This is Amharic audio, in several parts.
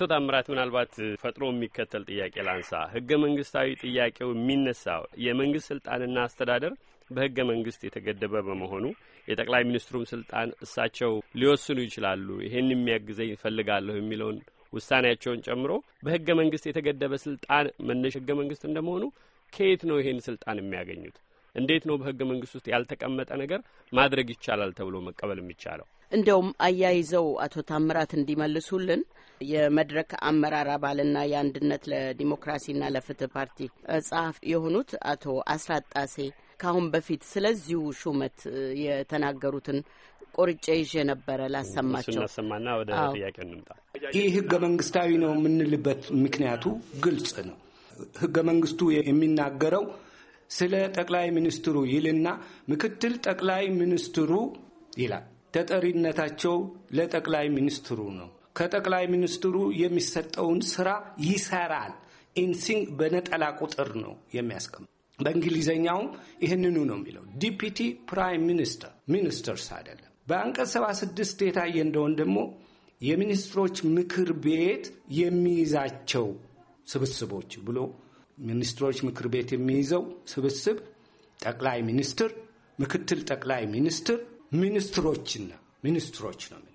አቶ ታምራት ምናልባት ፈጥሮ የሚከተል ጥያቄ ላንሳ። ህገ መንግስታዊ ጥያቄው የሚነሳው የመንግስት ስልጣንና አስተዳደር በህገ መንግስት የተገደበ በመሆኑ የጠቅላይ ሚኒስትሩም ስልጣን እሳቸው ሊወስኑ ይችላሉ፣ ይሄን የሚያግዘኝ ይፈልጋለሁ የሚለውን ውሳኔያቸውን ጨምሮ በህገ መንግስት የተገደበ ስልጣን መነሻ ህገ መንግስት እንደመሆኑ ከየት ነው ይሄን ስልጣን የሚያገኙት? እንዴት ነው በህገ መንግስት ውስጥ ያልተቀመጠ ነገር ማድረግ ይቻላል ተብሎ መቀበል የሚቻለው? እንደውም አያይዘው አቶ ታምራት እንዲመልሱልን የመድረክ አመራር አባልና የአንድነት ለዲሞክራሲና ለፍትህ ፓርቲ ጸሐፊ የሆኑት አቶ አስራት ጣሴ ከአሁን በፊት ስለዚሁ ሹመት የተናገሩትን ቆርጬ ይዤ ነበረ ላሰማቸው። እናሰማና ወደ ጥያቄ እንምጣ። ይህ ህገ መንግስታዊ ነው የምንልበት ምክንያቱ ግልጽ ነው። ህገ መንግስቱ የሚናገረው ስለ ጠቅላይ ሚኒስትሩ ይልና ምክትል ጠቅላይ ሚኒስትሩ ይላል። ተጠሪነታቸው ለጠቅላይ ሚኒስትሩ ነው። ከጠቅላይ ሚኒስትሩ የሚሰጠውን ስራ ይሰራል። ኢንሲንግ በነጠላ ቁጥር ነው የሚያስቀምጥ። በእንግሊዘኛውም ይህንኑ ነው የሚለው። ዲፒቲ ፕራይም ሚኒስተር ሚኒስተርስ አይደለም። በአንቀጽ 76 የታየ እንደሆን ደግሞ የሚኒስትሮች ምክር ቤት የሚይዛቸው ስብስቦች ብሎ ሚኒስትሮች ምክር ቤት የሚይዘው ስብስብ ጠቅላይ ሚኒስትር፣ ምክትል ጠቅላይ ሚኒስትር ሚኒስትሮችና ሚኒስትሮች ነው የሚለው።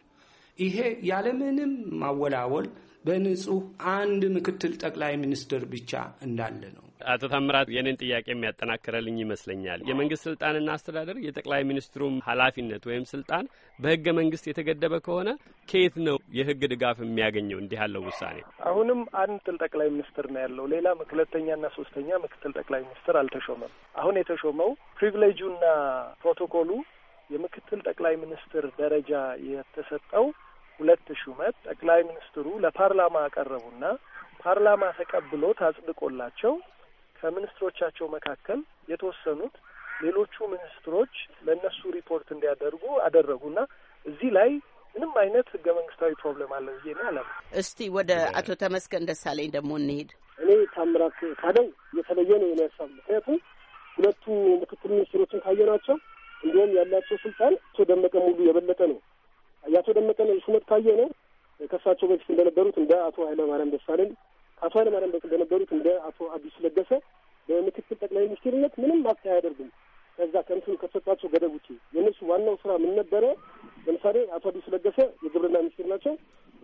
ይሄ ያለምንም ማወላወል በንጹህ አንድ ምክትል ጠቅላይ ሚኒስትር ብቻ እንዳለ ነው። አቶ ታምራት የኔን ጥያቄ የሚያጠናክረልኝ ይመስለኛል። የመንግስት ስልጣንና አስተዳደር የጠቅላይ ሚኒስትሩም ኃላፊነት ወይም ስልጣን በህገ መንግስት የተገደበ ከሆነ ከየት ነው የህግ ድጋፍ የሚያገኘው? እንዲህ ያለው ውሳኔ አሁንም አንድ ምክትል ጠቅላይ ሚኒስትር ነው ያለው። ሌላ ሁለተኛና ሶስተኛ ምክትል ጠቅላይ ሚኒስትር አልተሾመም። አሁን የተሾመው ፕሪቪሌጁና ፕሮቶኮሉ የምክትል ጠቅላይ ሚኒስትር ደረጃ የተሰጠው ሁለት ሹመት ጠቅላይ ሚኒስትሩ ለፓርላማ አቀረቡና ፓርላማ ተቀብሎ ታጽድቆላቸው ከሚኒስትሮቻቸው መካከል የተወሰኑት ሌሎቹ ሚኒስትሮች ለእነሱ ሪፖርት እንዲያደርጉ አደረጉና እዚህ ላይ ምንም አይነት ህገ መንግስታዊ ፕሮብለም አለ ብዬ ነው አለም። እስቲ ወደ አቶ ተመስገን ደሳለኝ ደግሞ እንሄድ። እኔ ታምራት ካደው የተለየ ነው የኔ ምክንያቱም ሁለቱ ምክትል ሚኒስትሮችን ካየናቸው እንዲሁም ያላቸው ስልጣን አቶ ደመቀ ሙሉ የበለጠ ነው። የአቶ ደመቀ ሹመት ካየ ነው ከእሳቸው በፊት እንደነበሩት እንደ አቶ ኃይለማርያም ደሳለኝ ከአቶ ኃይለማርያም በፊት እንደነበሩት እንደ አቶ አዲሱ ለገሰ በምክትል ጠቅላይ ሚኒስትርነት ምንም አክት አያደርጉም። ከዛ ከምትሉ ከተሰጣቸው ገደብ ውጪ የእነሱ ዋናው ስራ ምን ነበረ? ለምሳሌ አቶ አዲሱ ለገሰ የግብርና ሚኒስትር ናቸው።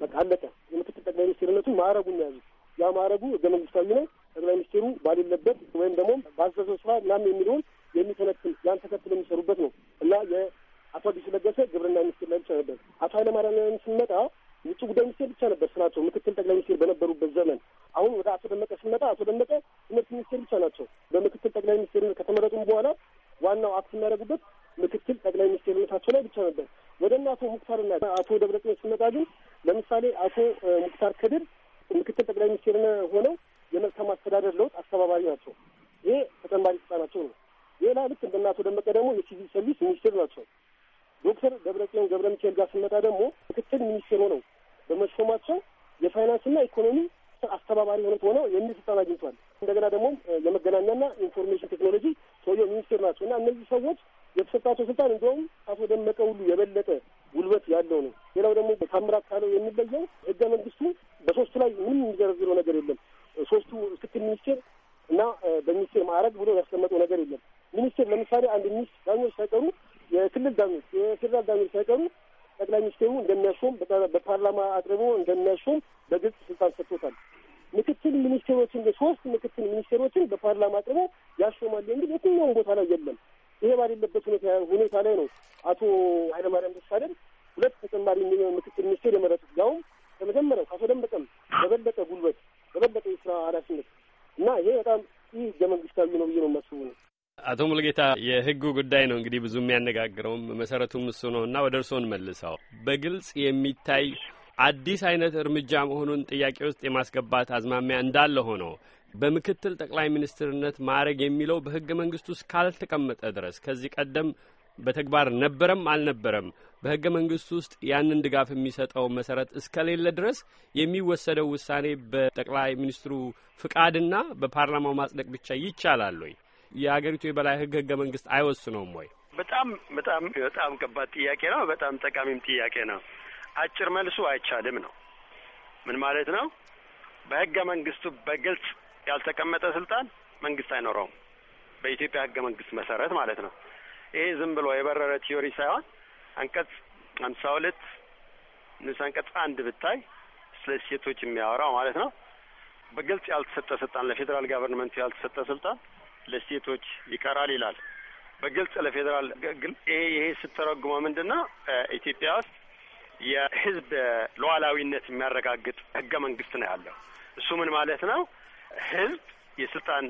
በቃ አለቀ። የምክትል ጠቅላይ ሚኒስትርነቱ ማዕረጉን ያዙ። ያ ማዕረጉ ህገ መንግስታዊ ነው። ጠቅላይ ሚኒስትሩ ባሌለበት ወይም ደግሞ በአዘዘው ስራ ምናምን የሚለውን የሚተነትን ያን ተከትሎ የሚሰሩበት ነው እና የአቶ አዲሱ ለገሰ ግብርና ሚኒስትር ላይ ብቻ ነበር። አቶ ኃይለማርያም ስንመጣ ውጭ ጉዳይ ሚኒስቴር ብቻ ነበር ስራቸው ምክትል ጠቅላይ ሚኒስቴር በነበሩበት ዘመን። አሁን ወደ አቶ ደመቀ ስንመጣ አቶ ደመቀ ትምህርት ሚኒስቴር ብቻ ናቸው። በምክትል ጠቅላይ ሚኒስቴርነት ከተመረጡም በኋላ ዋናው አክት የሚያደርጉበት ምክትል ጠቅላይ ሚኒስቴርነታቸው ላይ ብቻ ነበር። ወደ እነ አቶ ሙክታርና አቶ ደብረጽዮን ስንመጣ ግን ለምሳሌ አቶ ሙክታር ከድር ምክትል ጠቅላይ ሚኒስቴር ሆነው የመልካም አስተዳደር ለውጥ አስተባባሪ ናቸው። ደመቀ ደግሞ የሲቪል ሰርቪስ ሚኒስትር ናቸው። ዶክተር ደብረጽዮን ገብረ ሚካኤል ጋር ስንመጣ ደግሞ ምክትል ሚኒስቴር ሆነው በመሾማቸው የፋይናንስና ኢኮኖሚ አስተባባሪ ሆነት ሆነው የሚል ስልጣን አግኝቷል። እንደገና ደግሞ የመገናኛና ኢንፎርሜሽን ቴክኖሎጂ ሰውየ ሚኒስቴር ናቸው እና እነዚህ ሰዎች የተሰጣቸው ስልጣን እንዲሁም አቶ ደመቀ ሁሉ የበለጠ ጉልበት ያለው ነው። ሌላው ደግሞ ታምራት ካለው የሚለየው ህገ መንግስቱ በሶስቱ ላይ ምንም የሚዘረዝረው ነገር የለም። ሶስቱ ምክትል ሚኒስቴር እና በሚኒስቴር ማዕረግ ብሎ ያስቀመጠው ነገር የለም። ሚኒስቴር ለምሳሌ አንድ ሚኒስት ዳኞች ሳይቀሩ የክልል ዳኞች፣ የፌዴራል ዳኞች ሳይቀሩ ጠቅላይ ሚኒስቴሩ እንደሚያሾም በፓርላማ አቅርቦ እንደሚያሾም በግልጽ ስልጣን ሰጥቶታል። ምክትል ሚኒስቴሮችን ሶስት ምክትል ሚኒስቴሮችን በፓርላማ አቅርቦ ያሾማል የሚል የትኛውም ቦታ ላይ የለም። ይሄ ባሌለበት ሁኔታ ላይ ነው አቶ ኃይለማርያም ደሳለኝ ሁለት ተጨማሪ ምክትል ሚኒስቴር የመረጡት ያውም ከመጀመሪያው ከአቶ ደመቀም በበለጠ ጉልበት፣ በበለጠ የስራ ኃላፊነት እና ይሄ በጣም ይህ ህገ መንግስታዊ ነው ብዬ ነው የማስበው ነው አቶ ሙልጌታ የህጉ ጉዳይ ነው እንግዲህ ብዙ የሚያነጋግረውም መሰረቱም እሱ ነው እና ወደ እርስዎ መልሰው በግልጽ የሚታይ አዲስ አይነት እርምጃ መሆኑን ጥያቄ ውስጥ የማስገባት አዝማሚያ እንዳለ ሆኖ በምክትል ጠቅላይ ሚኒስትርነት ማዕረግ የሚለው በህገ መንግስቱ ካልተቀመጠ ድረስ ከዚህ ቀደም በተግባር ነበረም አልነበረም በህገ መንግስቱ ውስጥ ያንን ድጋፍ የሚሰጠው መሰረት እስከሌለ ድረስ የሚወሰደው ውሳኔ በጠቅላይ ሚኒስትሩ ፍቃድና በፓርላማው ማጽደቅ ብቻ ይቻላል ወይ? የአገሪቱ የበላይ ህግ ህገ መንግስት አይወስነውም ወይ? በጣም በጣም በጣም ከባድ ጥያቄ ነው። በጣም ጠቃሚም ጥያቄ ነው። አጭር መልሱ አይቻልም ነው። ምን ማለት ነው? በህገ መንግስቱ በግልጽ ያልተቀመጠ ስልጣን መንግስት አይኖረውም። በኢትዮጵያ ህገ መንግስት መሰረት ማለት ነው። ይሄ ዝም ብሎ የበረረ ቲዮሪ ሳይሆን አንቀጽ ሀምሳ ሁለት ንዑስ አንቀጽ አንድ ብታይ ስለ ሴቶች የሚያወራው ማለት ነው። በግልጽ ያልተሰጠ ስልጣን ለፌዴራል ጋቨርንመንቱ ያልተሰጠ ስልጣን ለሴቶች ይቀራል ይላል በግልጽ ለፌዴራል ግን ይሄ ይሄ ስተረጉመ ምንድን ነው ኢትዮጵያ ውስጥ የህዝብ ሉዓላዊነት የሚያረጋግጥ ህገ መንግስት ነው ያለው። እሱ ምን ማለት ነው? ህዝብ የስልጣን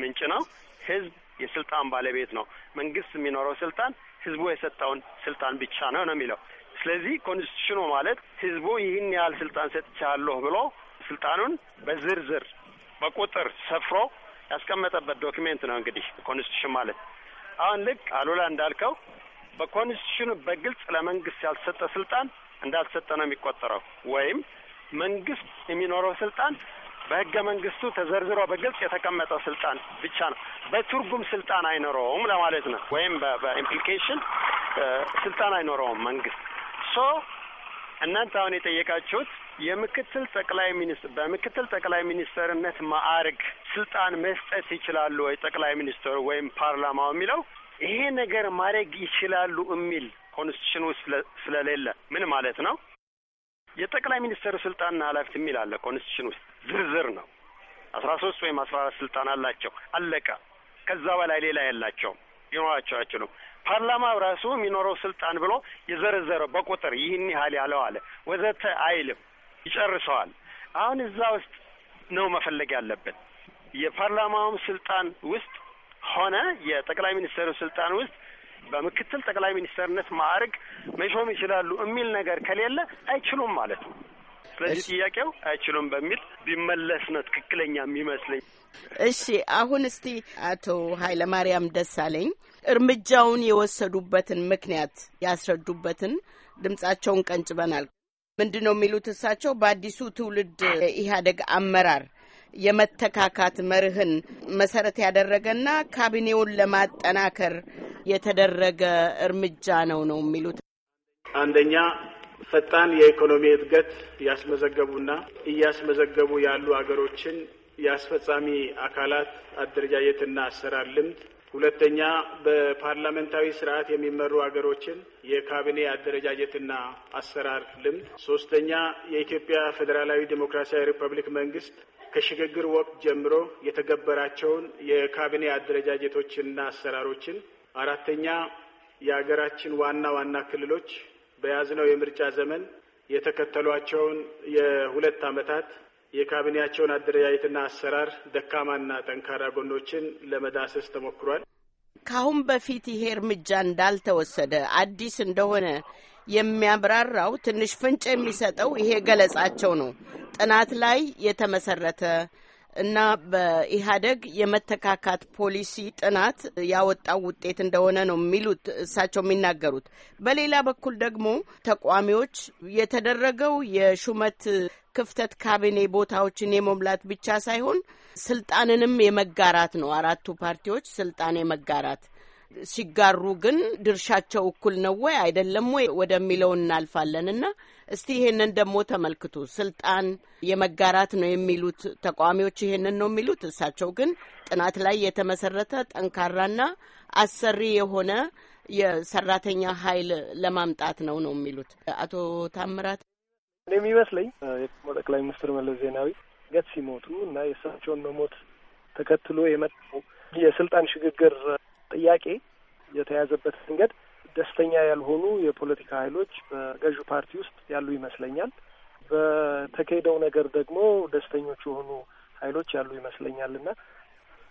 ምንጭ ነው። ህዝብ የስልጣን ባለቤት ነው። መንግስት የሚኖረው ስልጣን ህዝቡ የሰጠውን ስልጣን ብቻ ነው ነው የሚለው። ስለዚህ ኮንስቲቱሽኑ ማለት ህዝቡ ይህን ያህል ስልጣን ሰጥቻለሁ ብሎ ስልጣኑን በዝርዝር በቁጥር ሰፍሮ ያስቀመጠበት ዶክሜንት ነው እንግዲህ ኮንስቲቱሽን ማለት። አሁን ልክ አሉላ እንዳልከው በኮንስቲቱሽኑ በግልጽ ለመንግስት ያልተሰጠ ስልጣን እንዳልተሰጠ ነው የሚቆጠረው ወይም መንግስት የሚኖረው ስልጣን በህገ መንግስቱ ተዘርዝሮ በግልጽ የተቀመጠ ስልጣን ብቻ ነው። በትርጉም ስልጣን አይኖረውም ለማለት ነው። ወይም በኢምፕሊኬሽን ስልጣን አይኖረውም መንግስት ሶ እናንተ አሁን የጠየቃችሁት የምክትል ጠቅላይ ሚኒስትር በምክትል ጠቅላይ ሚኒስትርነት ማዕርግ ስልጣን መስጠት ይችላሉ ወይ ጠቅላይ ሚኒስትሩ ወይም ፓርላማው የሚለው ይሄ ነገር ማድረግ ይችላሉ የሚል ኮንስቲቱሽን ውስጥ ስለሌለ ምን ማለት ነው? የጠቅላይ ሚኒስትሩ ስልጣንና ኃላፊት የሚል አለ ኮንስቲቱሽን ውስጥ ዝርዝር ነው። አስራ ሶስት ወይም አስራ አራት ስልጣን አላቸው። አለቀ። ከዛ በላይ ሌላ የላቸውም፣ ሊኖራቸው አይችሉም። ፓርላማው ራሱ የሚኖረው ስልጣን ብሎ የዘረዘረው በቁጥር ይህን ያህል ያለው አለ ወዘተ አይልም። ይጨርሰዋል። አሁን እዛ ውስጥ ነው መፈለግ ያለበት የፓርላማውም ስልጣን ውስጥ ሆነ የጠቅላይ ሚኒስትሩ ስልጣን ውስጥ በምክትል ጠቅላይ ሚኒስትርነት ማዕረግ መሾም ይችላሉ የሚል ነገር ከሌለ አይችሉም ማለት ነው። ስለዚህ ጥያቄው አይችሉም በሚል ቢመለስ ነው ትክክለኛ የሚመስለኝ። እሺ አሁን እስቲ አቶ ኃይለማርያም ደሳለኝ እርምጃውን የወሰዱበትን ምክንያት ያስረዱበትን ድምጻቸውን ቀንጭበናል። ምንድን ነው የሚሉት እሳቸው በአዲሱ ትውልድ ኢህአዴግ አመራር የመተካካት መርህን መሰረት ያደረገና ካቢኔውን ለማጠናከር የተደረገ እርምጃ ነው ነው የሚሉት። አንደኛ ፈጣን የኢኮኖሚ እድገት ያስመዘገቡና እያስመዘገቡ ያሉ አገሮችን የአስፈጻሚ አካላት አደረጃጀትና አሰራር ልምድ ሁለተኛ በፓርላሜንታዊ ስርዓት የሚመሩ አገሮችን የካቢኔ አደረጃጀትና አሰራር ልምድ፣ ሶስተኛ የኢትዮጵያ ፌዴራላዊ ዴሞክራሲያዊ ሪፐብሊክ መንግስት ከሽግግር ወቅት ጀምሮ የተገበራቸውን የካቢኔ አደረጃጀቶችና አሰራሮችን፣ አራተኛ የሀገራችን ዋና ዋና ክልሎች በያዝነው የምርጫ ዘመን የተከተሏቸውን የሁለት ዓመታት የካቢኔያቸውን አደረጃጀትና አሰራር ደካማና ጠንካራ ጎኖችን ለመዳሰስ ተሞክሯል። ከአሁን በፊት ይሄ እርምጃ እንዳልተወሰደ አዲስ እንደሆነ የሚያብራራው ትንሽ ፍንጭ የሚሰጠው ይሄ ገለጻቸው ነው። ጥናት ላይ የተመሰረተ እና በኢህአደግ የመተካካት ፖሊሲ ጥናት ያወጣው ውጤት እንደሆነ ነው የሚሉት እሳቸው የሚናገሩት። በሌላ በኩል ደግሞ ተቋሚዎች የተደረገው የሹመት ክፍተት ካቢኔ ቦታዎችን የመሙላት ብቻ ሳይሆን ስልጣንንም የመጋራት ነው። አራቱ ፓርቲዎች ስልጣን የመጋራት ሲጋሩ ግን ድርሻቸው እኩል ነው ወይ አይደለም ወይ ወደሚለው እናልፋለን እና እስቲ ይሄንን ደግሞ ተመልክቱ። ስልጣን የመጋራት ነው የሚሉት ተቃዋሚዎች ይሄንን ነው የሚሉት። እሳቸው ግን ጥናት ላይ የተመሰረተ ጠንካራና አሰሪ የሆነ የሰራተኛ ኃይል ለማምጣት ነው ነው የሚሉት አቶ ታምራት። የሚመስለኝ ጠቅላይ ሚኒስትር መለስ ዜናዊ ገት ሲሞቱ እና የእሳቸውን መሞት ተከትሎ የመጣው የስልጣን ሽግግር ጥያቄ የተያዘበት መንገድ ደስተኛ ያልሆኑ የፖለቲካ ኃይሎች በገዢው ፓርቲ ውስጥ ያሉ ይመስለኛል። በተካሄደው ነገር ደግሞ ደስተኞች የሆኑ ኃይሎች ያሉ ይመስለኛል እና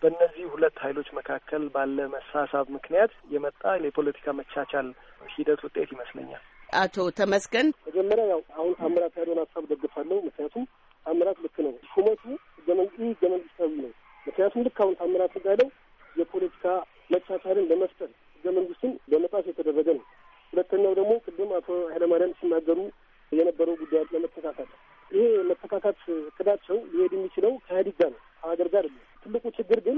በእነዚህ ሁለት ኃይሎች መካከል ባለ መሳሳብ ምክንያት የመጣ የፖለቲካ መቻቻል ሂደት ውጤት ይመስለኛል። አቶ ተመስገን መጀመሪያ ያው አሁን ታምራት ያለውን ሀሳብ ደግፋለሁ። ምክንያቱም ታምራት ልክ ነው። ሹመቱ ህገ መንግስታዊ ነው። ምክንያቱም ልክ አሁን ታምራት እንዳለው የፖለቲካ መቻቻልን ለመፍጠር ህገ መንግስቱን በመጣስ የተደረገ ነው። ሁለተኛው ደግሞ ቅድም አቶ ኃይለማርያም ሲናገሩ የነበረው ጉዳይ ለመተካካት ይሄ መተካካት እቅዳቸው ሊሄድ የሚችለው ከኢህአዴግ ጋር ነው፣ ከሀገር ጋር አይደለም። ትልቁ ችግር ግን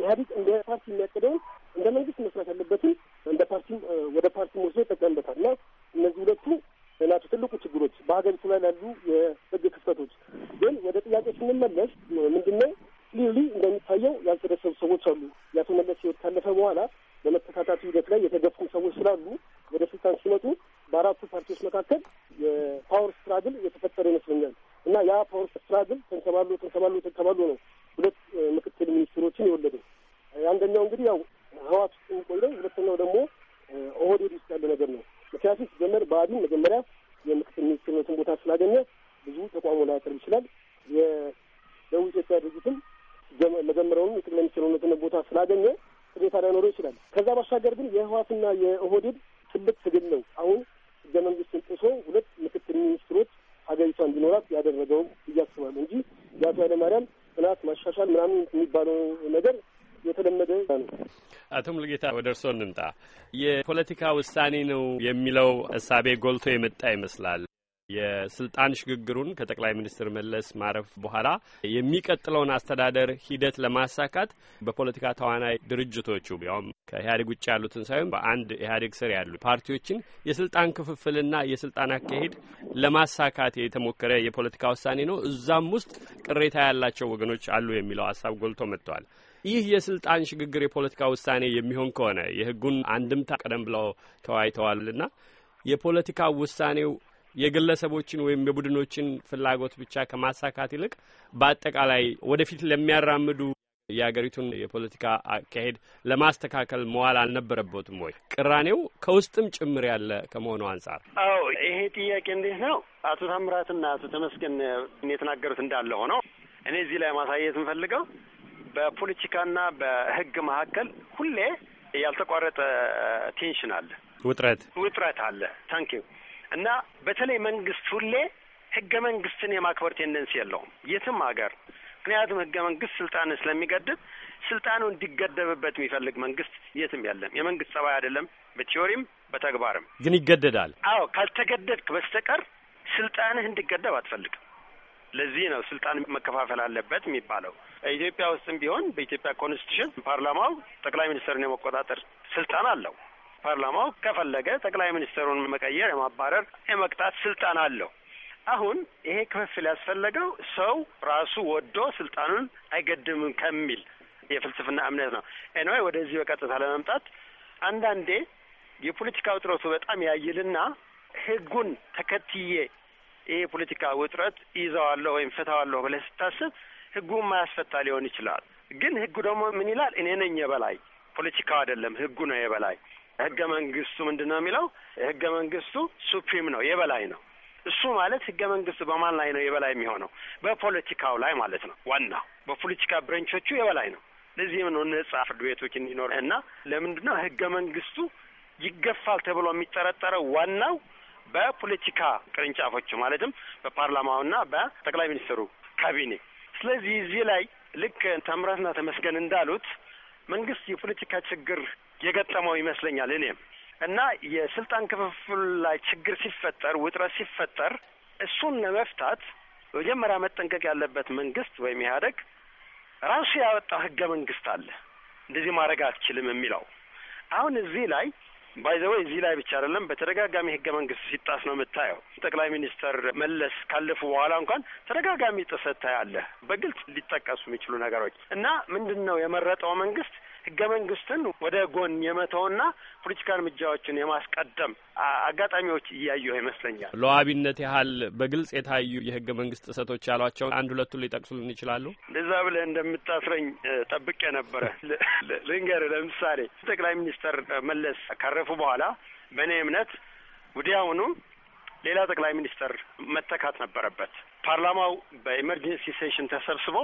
ኢህአዲግ እንደ ፓርቲ የሚያቅደውን እንደ መንግስት መስራት ያለበትን እንደ ፓርቲ ወደ ፓርቲ ወስዶ መጀመሪያውም የቅድመ ቦታ ስላገኘ ቅሬታ ላይኖረው ይችላል። ከዛ ባሻገር ግን የህዋትና የኦህዴድ ትልቅ ትግል ነው። አሁን ህገ መንግስትን ጥሶ ሁለት ምክትል ሚኒስትሮች ሀገሪቷ እንዲኖራት ያደረገው እያስባሉ እንጂ የአቶ ኃይለማርያም ጥናት ማሻሻል ምናምን የሚባለው ነገር የተለመደ ነው። አቶ ሙልጌታ ወደ እርስዎ እንምጣ። የፖለቲካ ውሳኔ ነው የሚለው እሳቤ ጎልቶ የመጣ ይመስላል። የስልጣን ሽግግሩን ከጠቅላይ ሚኒስትር መለስ ማረፍ በኋላ የሚቀጥለውን አስተዳደር ሂደት ለማሳካት በፖለቲካ ተዋናይ ድርጅቶቹ ያውም ከኢህአዴግ ውጭ ያሉትን ሳይሆን በአንድ ኢህአዴግ ስር ያሉ ፓርቲዎችን የስልጣን ክፍፍልና የስልጣን አካሄድ ለማሳካት የተሞከረ የፖለቲካ ውሳኔ ነው። እዛም ውስጥ ቅሬታ ያላቸው ወገኖች አሉ የሚለው ሀሳብ ጎልቶ መጥተዋል። ይህ የስልጣን ሽግግር የፖለቲካ ውሳኔ የሚሆን ከሆነ የህጉን አንድምታ ቀደም ብለው ተወያይተዋልና የፖለቲካ ውሳኔው የግለሰቦችን ወይም የቡድኖችን ፍላጎት ብቻ ከማሳካት ይልቅ በአጠቃላይ ወደፊት ለሚያራምዱ የአገሪቱን የፖለቲካ አካሄድ ለማስተካከል መዋል አልነበረበትም ወይ? ቅራኔው ከውስጥም ጭምር ያለ ከመሆኑ አንጻር። አዎ ይሄ ጥያቄ እንዴት ነው? አቶ ታምራትና አቶ ተመስገን የተናገሩት እንዳለ ሆነው እኔ እዚህ ላይ ማሳየት የምፈልገው በፖለቲካና በሕግ መካከል ሁሌ ያልተቋረጠ ቴንሽን አለ፣ ውጥረት ውጥረት አለ። ታንኪው እና በተለይ መንግስት ሁሌ ህገ መንግስትን የማክበር ቴንደንስ የለውም የትም ሀገር። ምክንያቱም ህገ መንግስት ስልጣንን ስለሚገድብ ስልጣኑ እንዲገደብበት የሚፈልግ መንግስት የትም የለም። የመንግስት ጸባይ አይደለም፣ በቲዮሪም በተግባርም ግን ይገደዳል። አዎ ካልተገደድክ በስተቀር ስልጣንህ እንዲገደብ አትፈልግም። ለዚህ ነው ስልጣን መከፋፈል አለበት የሚባለው። ኢትዮጵያ ውስጥም ቢሆን በኢትዮጵያ ኮንስቲቱሽን ፓርላማው ጠቅላይ ሚኒስትርን የመቆጣጠር ስልጣን አለው። ፓርላማው ከፈለገ ጠቅላይ ሚኒስትሩን መቀየር፣ የማባረር፣ የመቅጣት ስልጣን አለው። አሁን ይሄ ክፍፍል ያስፈለገው ሰው ራሱ ወዶ ስልጣኑን አይገድምም ከሚል የፍልስፍና እምነት ነው። ኤንዋይ ወደዚህ በቀጥታ ለመምጣት አንዳንዴ የፖለቲካ ውጥረቱ በጣም ያይልና ህጉን ተከትዬ ይሄ የፖለቲካ ውጥረት ይዘዋለሁ ወይም ፍታዋለሁ ብለህ ስታስብ ህጉ ማያስፈታ ሊሆን ይችላል። ግን ህጉ ደግሞ ምን ይላል? እኔ ነኝ የበላይ፣ ፖለቲካው አይደለም፣ ህጉ ነው የበላይ። ህገ መንግስቱ ምንድን ነው የሚለው? ህገ መንግስቱ ሱፕሪም ነው የበላይ ነው። እሱ ማለት ህገ መንግስቱ በማን ላይ ነው የበላይ የሚሆነው? በፖለቲካው ላይ ማለት ነው። ዋናው በፖለቲካ ብረንቾቹ የበላይ ነው። ለዚህም ነው ነጻ ፍርድ ቤቶች እንዲኖር እና ለምንድን ነው ህገ መንግስቱ ይገፋል ተብሎ የሚጠረጠረው ዋናው በፖለቲካ ቅርንጫፎቹ ማለትም በፓርላማውና በጠቅላይ ሚኒስትሩ ካቢኔ። ስለዚህ እዚህ ላይ ልክ ተምህረትና ተመስገን እንዳሉት መንግስት የፖለቲካ ችግር የገጠመው ይመስለኛል እኔም እና የስልጣን ክፍፍል ላይ ችግር ሲፈጠር፣ ውጥረት ሲፈጠር እሱን ለመፍታት መጀመሪያ መጠንቀቅ ያለበት መንግስት ወይም ኢህአደግ ራሱ ያወጣው ህገ መንግስት አለ። እንደዚህ ማድረግ አትችልም የሚለው አሁን እዚህ ላይ ባይዘወይ እዚህ ላይ ብቻ አይደለም፣ በተደጋጋሚ ህገ መንግስት ሲጣስ ነው የምታየው። ጠቅላይ ሚኒስተር መለስ ካለፉ በኋላ እንኳን ተደጋጋሚ ጥሰት ታያለህ። በግልጽ ሊጠቀሱ የሚችሉ ነገሮች እና ምንድን ነው የመረጠው መንግስት ህገ መንግስትን ወደ ጎን የመተውና ፖለቲካ እርምጃዎችን የማስቀደም አጋጣሚዎች እያየሁ ይመስለኛል። ለዋቢነት ያህል በግልጽ የታዩ የህገ መንግስት ጥሰቶች ያሏቸውን አንድ ሁለቱን ሊጠቅሱልን ይችላሉ? ለዛ ብለህ እንደምታስረኝ ጠብቄ ነበረ። ልንገር፣ ለምሳሌ ጠቅላይ ሚኒስተር መለስ ካረፉ በኋላ በእኔ እምነት ወዲያውኑ ሌላ ጠቅላይ ሚኒስተር መተካት ነበረበት። ፓርላማው በኤመርጀንሲ ሴሽን ተሰብስቦ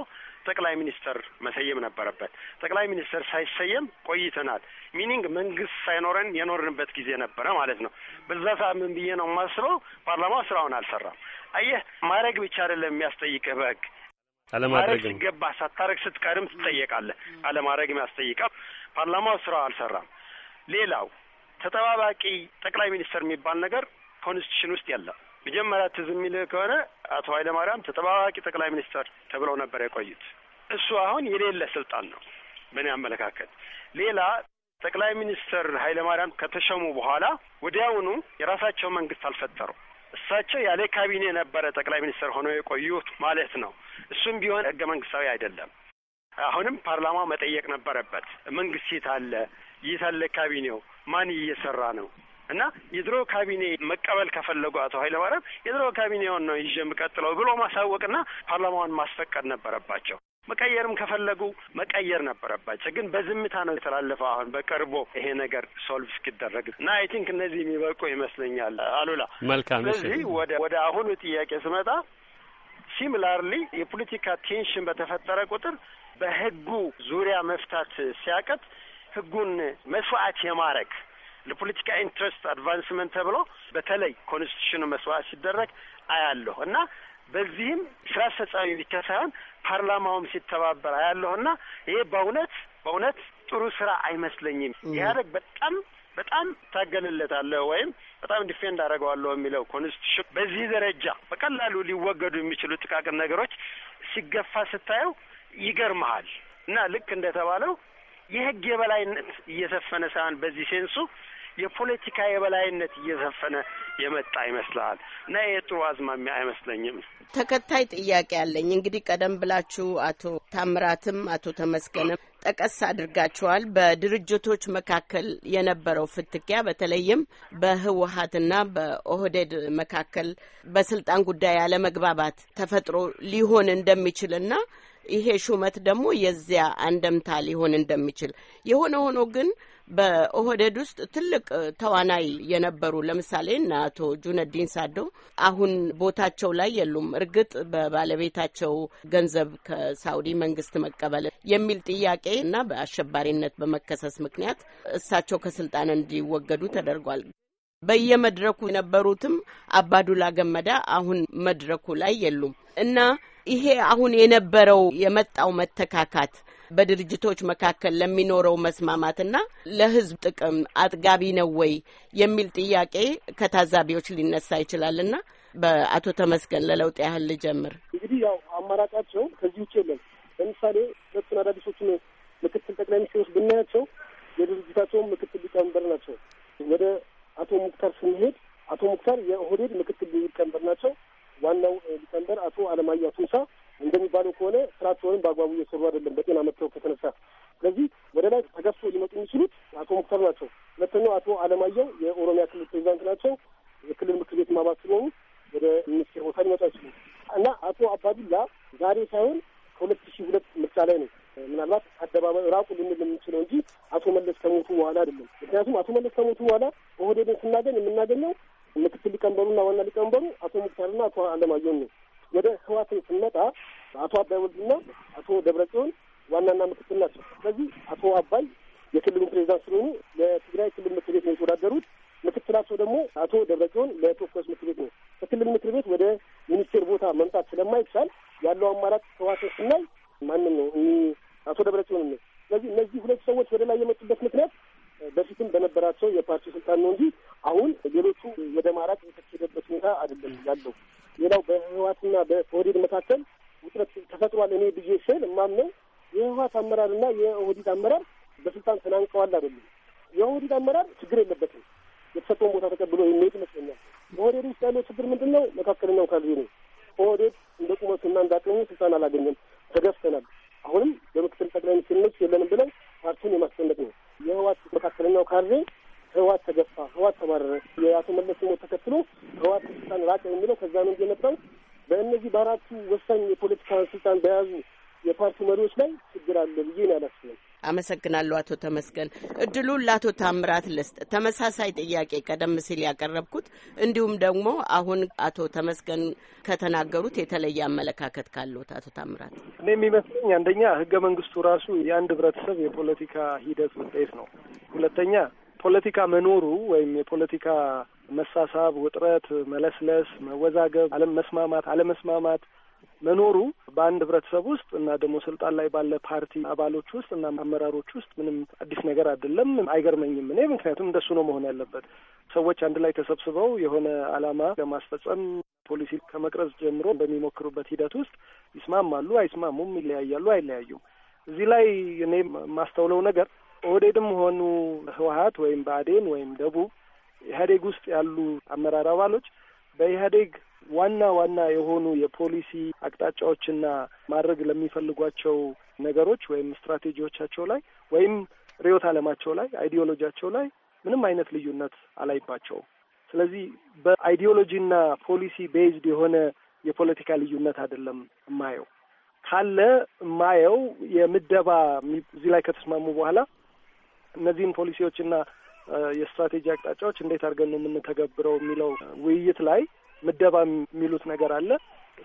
ጠቅላይ ሚኒስተር መሰየም ነበረበት። ጠቅላይ ሚኒስተር ሳይሰየም ቆይተናል። ሚኒንግ መንግስት ሳይኖረን የኖርንበት ጊዜ ነበረ ማለት ነው። በዛ ሰዓት ምን ብዬ ነው የማስበው? ፓርላማው ስራውን አልሰራም። አየህ ማድረግ ብቻ አይደለም የሚያስጠይቅህ በህግ አለማድረግ ሲገባ ሳታረግ ስትቀርም ትጠየቃለህ። አለማድረግ የሚያስጠይቀው ፓርላማው ስራው አልሰራም። ሌላው ተጠባባቂ ጠቅላይ ሚኒስተር የሚባል ነገር ኮንስቲቱሽን ውስጥ የለም። መጀመሪያ ትዝ የሚልህ ከሆነ አቶ ኃይለማርያም ተጠባባቂ ጠቅላይ ሚኒስትር ተብለው ነበር የቆዩት። እሱ አሁን የሌለ ስልጣን ነው በእኔ አመለካከት። ሌላ ጠቅላይ ሚኒስትር ኃይለማርያም ከተሸሙ በኋላ ወዲያውኑ የራሳቸው መንግስት አልፈጠሩ። እሳቸው ያለ ካቢኔ ነበረ ጠቅላይ ሚኒስትር ሆነው የቆዩት ማለት ነው። እሱም ቢሆን ህገ መንግስታዊ አይደለም። አሁንም ፓርላማ መጠየቅ ነበረበት። መንግስት የት አለ? የት አለ ካቢኔው? ማን እየሰራ ነው? እና የድሮ ካቢኔ መቀበል ከፈለጉ አቶ ኃይለማርያም የድሮ ካቢኔውን ነው ይዤ የምቀጥለው ብሎ ማሳወቅና ፓርላማውን ማስፈቀድ ነበረባቸው። መቀየርም ከፈለጉ መቀየር ነበረባቸው። ግን በዝምታ ነው የተላለፈው። አሁን በቅርቡ ይሄ ነገር ሶልቭ እስኪደረግ እና አይ ቲንክ እነዚህ የሚበቁ ይመስለኛል። አሉላ መልካም። ስለዚህ ወደ ወደ አሁኑ ጥያቄ ስመጣ ሲሚላርሊ የፖለቲካ ቴንሽን በተፈጠረ ቁጥር በህጉ ዙሪያ መፍታት ሲያቀት ህጉን መስዋዕት የማረግ ለፖለቲካ ኢንትረስት አድቫንስመንት ተብሎ በተለይ ኮንስቲቱሽኑ መስዋዕት ሲደረግ አያለሁ እና በዚህም ስራ አስፈጻሚ ብቻ ሳይሆን ፓርላማውም ሲተባበር አያለሁ እና ይሄ በእውነት በእውነት ጥሩ ስራ አይመስለኝም። ኢህአዴግ በጣም በጣም ታገልለታለሁ ወይም በጣም ዲፌንድ አደረገዋለሁ የሚለው ኮንስቲቱሽን በዚህ ደረጃ በቀላሉ ሊወገዱ የሚችሉ ጥቃቅን ነገሮች ሲገፋ ስታየው ይገርመሃል እና ልክ እንደተባለው የህግ የበላይነት እየሰፈነ ሳይሆን በዚህ ሴንሱ የፖለቲካ የበላይነት እየሰፈነ የመጣ ይመስላል እና የጥሩ አዝማሚያ አይመስለኝም። ተከታይ ጥያቄ አለኝ። እንግዲህ ቀደም ብላችሁ አቶ ታምራትም አቶ ተመስገንም ጠቀስ አድርጋችኋል። በድርጅቶች መካከል የነበረው ፍትኪያ በተለይም በህወሀትና በኦህዴድ መካከል በስልጣን ጉዳይ ያለመግባባት ተፈጥሮ ሊሆን እንደሚችልና ይሄ ሹመት ደግሞ የዚያ አንደምታ ሊሆን እንደሚችል የሆነ ሆኖ ግን በኦህደድ ውስጥ ትልቅ ተዋናይ የነበሩ ለምሳሌ እነ አቶ ጁነዲን ሳዶ አሁን ቦታቸው ላይ የሉም። እርግጥ በባለቤታቸው ገንዘብ ከሳውዲ መንግስት መቀበል የሚል ጥያቄ እና በአሸባሪነት በመከሰስ ምክንያት እሳቸው ከስልጣን እንዲወገዱ ተደርጓል። በየመድረኩ የነበሩትም አባዱላ ገመዳ አሁን መድረኩ ላይ የሉም እና ይሄ አሁን የነበረው የመጣው መተካካት በድርጅቶች መካከል ለሚኖረው መስማማትና ለሕዝብ ጥቅም አጥጋቢ ነው ወይ የሚል ጥያቄ ከታዛቢዎች ሊነሳ ይችላልና በአቶ ተመስገን ለለውጥ ያህል ልጀምር። እንግዲህ ያው አማራጫቸው ከዚህ ውጭ የለም። ለምሳሌ ሁለቱን አዳዲሶቹን ምክትል ጠቅላይ ሚኒስትሮች ብናያቸው የድርጅታቸውን ምክትል ሊቀመንበር ናቸው። ወደ አቶ ሙክታር ስንሄድ አቶ ሙክታር የኦህዴድ ምክትል ሊቀመንበር ናቸው። ዋናው ሊቀመንበር አቶ አለማየሁ አቶምሳ እንደሚባለው ከሆነ ስራቸውንም በአግባቡ እየሰሩ አይደለም፣ በጤና መጥተው ከተነሳ። ስለዚህ ወደ ላይ ተገፍቶ ሊመጡ የሚችሉት አቶ ሙክታር ናቸው። ሁለተኛው አቶ አለማየሁ የኦሮሚያ ክልል ፕሬዚዳንት ናቸው። የክልል ምክር ቤት አባል ስለሆኑ ወደ ሚኒስቴር ቦታ ሊመጡ አይችሉም እና አቶ አባዱላ ዛሬ ሳይሆን ከሁለት ሺህ ሁለት ምርጫ ላይ ነው ምናልባት አደባባይ ራቁ ልንል የምንችለው እንጂ አቶ መለስ ከሞቱ በኋላ አይደለም። ምክንያቱም አቶ መለስ ከሞቱ በኋላ ኦህዴድን ስናገኝ የምናገኘው ምክትል ሊቀመንበሩና ዋና ሊቀመንበሩ አቶ ሙክታርና አቶ አለማየሁን ነው። ወደ ህዋትን ስንመጣ አቶ አባይ ወልድና አቶ ደብረ ጽዮን ዋናና ምክትል ናቸው። ስለዚህ አቶ አባይ የክልሉን ፕሬዚዳንት ስለሆኑ ለትግራይ ክልል ምክር ቤት ነው የተወዳደሩት። ምክትላቸው ደግሞ አቶ ደብረ ጽዮን ለተወካዮች ምክር ቤት ነው። ከክልል ምክር ቤት ወደ ሚኒስቴር ቦታ መምጣት ስለማይቻል ያለው አማራጭ ህዋትን ስናይ ማንም ነው አቶ ደብረጽዮን ነው። ስለዚህ እነዚህ ሁለት ሰዎች ወደ ላይ የመጡበት ምክንያት በፊትም በነበራቸው የፓርቲ ስልጣን ነው እንጂ አሁን ሌሎቹ ወደ ማራት የተሄደበት ሁኔታ አይደለም ያለው። ሌላው በህወሓትና በኦህዴድ መካከል ውጥረት ተፈጥሯል። እኔ ብዬ ስል የማምነው የህወሓት አመራርና የኦህዴድ አመራር በስልጣን ተናንቀዋል አይደለም። የኦህዴድ አመራር ችግር የለበትም፣ የተሰጠውን ቦታ ተቀብሎ የሚሄድ ይመስለኛል። በኦህዴድ ውስጥ ያለው ችግር ምንድን ነው? መካከለኛው ካልዜ ነው። ኦህዴድ እንደ ቁመቱና እንደ አቅሙ ስልጣን አላገኘም። ተገፍተናል። አሁንም በምክትል ጠቅላይ ሚኒስትርነት የለንም ብለን ፓርቲን የማስፈለግ ነው። የህዋት መካከለኛው ካድሬ ህዋት ተገፋ፣ ህዋት ተባረረ፣ የአቶ መለስ ሞት ተከትሎ ህዋት ስልጣን ራቀ የሚለው ከዛ ነው የመጣው። በእነዚህ በአራቱ ወሳኝ የፖለቲካ ስልጣን በያዙ የፓርቲ መሪዎች ላይ ችግር አለ ብዬ ነው ያላስብም። አመሰግናለሁ አቶ ተመስገን። እድሉን ለአቶ ታምራት ልስጥ። ተመሳሳይ ጥያቄ ቀደም ሲል ያቀረብኩት እንዲሁም ደግሞ አሁን አቶ ተመስገን ከተናገሩት የተለየ አመለካከት ካለት አቶ ታምራት። እኔ የሚመስለኝ አንደኛ ህገ መንግስቱ ራሱ የአንድ ህብረተሰብ የፖለቲካ ሂደት ውጤት ነው። ሁለተኛ ፖለቲካ መኖሩ ወይም የፖለቲካ መሳሳብ፣ ውጥረት፣ መለስለስ፣ መወዛገብ፣ አለመስማማት አለመስማማት መኖሩ በአንድ ህብረተሰብ ውስጥ እና ደግሞ ስልጣን ላይ ባለ ፓርቲ አባሎች ውስጥ እና አመራሮች ውስጥ ምንም አዲስ ነገር አይደለም። አይገርመኝም እኔ ምክንያቱም እንደሱ ነው መሆን ያለበት። ሰዎች አንድ ላይ ተሰብስበው የሆነ ዓላማ ለማስፈጸም ፖሊሲ ከመቅረጽ ጀምሮ በሚሞክሩበት ሂደት ውስጥ ይስማማሉ፣ አይስማሙም፣ ይለያያሉ፣ አይለያዩም። እዚህ ላይ እኔ የማስተውለው ነገር ኦህዴድም ሆኑ ህወሀት ወይም ብአዴን ወይም ደቡብ ኢህአዴግ ውስጥ ያሉ አመራር አባሎች በኢህአዴግ ዋና ዋና የሆኑ የፖሊሲ አቅጣጫዎችና ማድረግ ለሚፈልጓቸው ነገሮች ወይም ስትራቴጂዎቻቸው ላይ ወይም ርዕዮተ ዓለማቸው ላይ አይዲዮሎጂያቸው ላይ ምንም አይነት ልዩነት አላይባቸውም። ስለዚህ በአይዲዮሎጂና ፖሊሲ ቤዝድ የሆነ የፖለቲካ ልዩነት አይደለም የማየው። ካለ የማየው የምደባ እዚህ ላይ ከተስማሙ በኋላ እነዚህን ፖሊሲዎችና የስትራቴጂ አቅጣጫዎች እንዴት አድርገን ነው የምንተገብረው የሚለው ውይይት ላይ ምደባ የሚሉት ነገር አለ።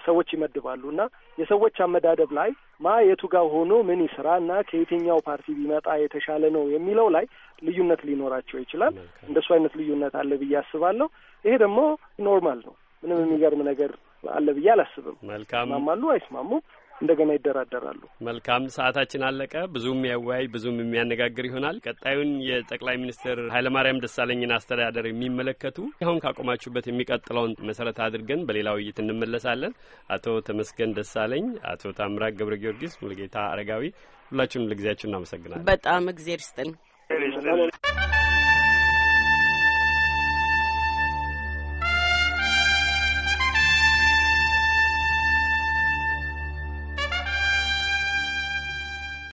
ሰዎች ይመድባሉ እና የሰዎች አመዳደብ ላይ ማ የቱ ጋር ሆኖ ምን ይስራ እና ከየትኛው ፓርቲ ቢመጣ የተሻለ ነው የሚለው ላይ ልዩነት ሊኖራቸው ይችላል። እንደሱ አይነት ልዩነት አለ ብዬ አስባለሁ። ይሄ ደግሞ ኖርማል ነው። ምንም የሚገርም ነገር አለ ብዬ አላስብም። መልካም ይስማማሉ አይስማሙም እንደገና ይደራደራሉ። መልካም ሰዓታችን አለቀ። ብዙም የሚያወያይ ብዙም የሚያነጋግር ይሆናል። ቀጣዩን የጠቅላይ ሚኒስትር ኃይለማርያም ደሳለኝን አስተዳደር የሚመለከቱ አሁን ካቆማችሁበት የሚቀጥለውን መሰረት አድርገን በሌላ ውይይት እንመለሳለን። አቶ ተመስገን ደሳለኝ፣ አቶ ታምራት ገብረ ጊዮርጊስ፣ ሙልጌታ አረጋዊ ሁላችሁንም ለጊዜያችሁ እናመሰግናለን። በጣም እግዜር ስጥን።